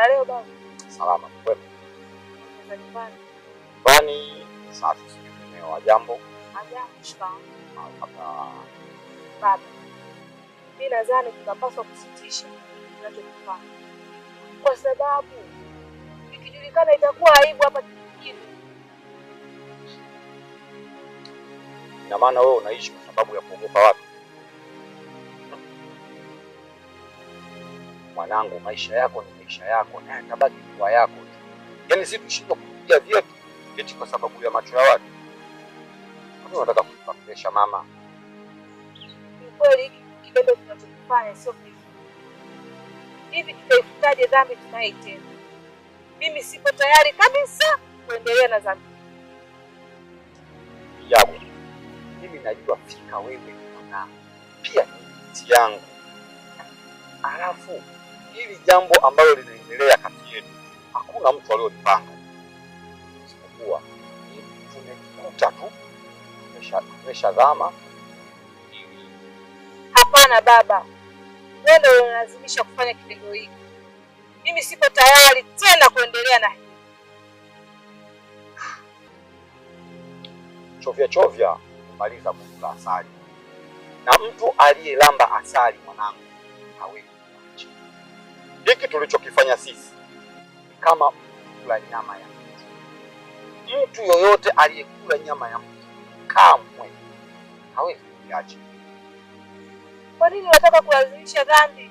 Za leo baba. Salama kwema. nyumbani. safi jambo? Ajambo, ah, Baba. Mimi nadhani tunapaswa kusitisha tunachokifanya. Kwa sababu ikijulikana itakuwa aibu hapa kijijini. Na maana wewe unaishi kwa sababu ya kuogopa watu? mwanangu, maisha yako ni maisha yako na yatabaki kuwa yako. Yaani si tushindwa kupiga vyetu eti kwa sababu ya macho ya watu. Unataka nataka presha mama? Ni kweli tunachokifanya sio hivi, tutaifutaje dhambi tunayoitenda? Mimi sipo tayari kabisa kuendelea na dhambi yako. Mimi najua fika wewe na pia ni yangu alafu hili jambo ambalo linaendelea kati yetu hakuna mtu aliyolipanga, isipokuwa tumekuta tu tumeshazama. Hapana baba, wewe ndio unalazimisha kufanya kitendo hiki. Mimi sipo tayari tena kuendelea na hili chovya chovya. Kumaliza kula asali na mtu aliyelamba asali, mwanangu, hawezi kuacha hiki tulichokifanya sisi kama kula nyama ya mtu. Mtu yoyote aliyekula nyama ya mtu kamwe hawezi kuiacha. Kwa nini unataka kulazimisha dhambi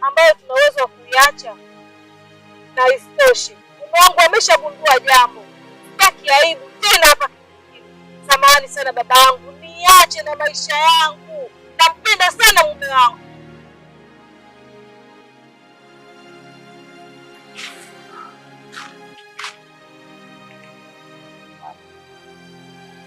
ambayo tuna uwezo wa kuiacha? Na mume Mungu ameshagundua jambo, sitaki aibu tena hapa kijijini. Samahani sana babangu, niache na maisha yangu, nampenda sana mume wangu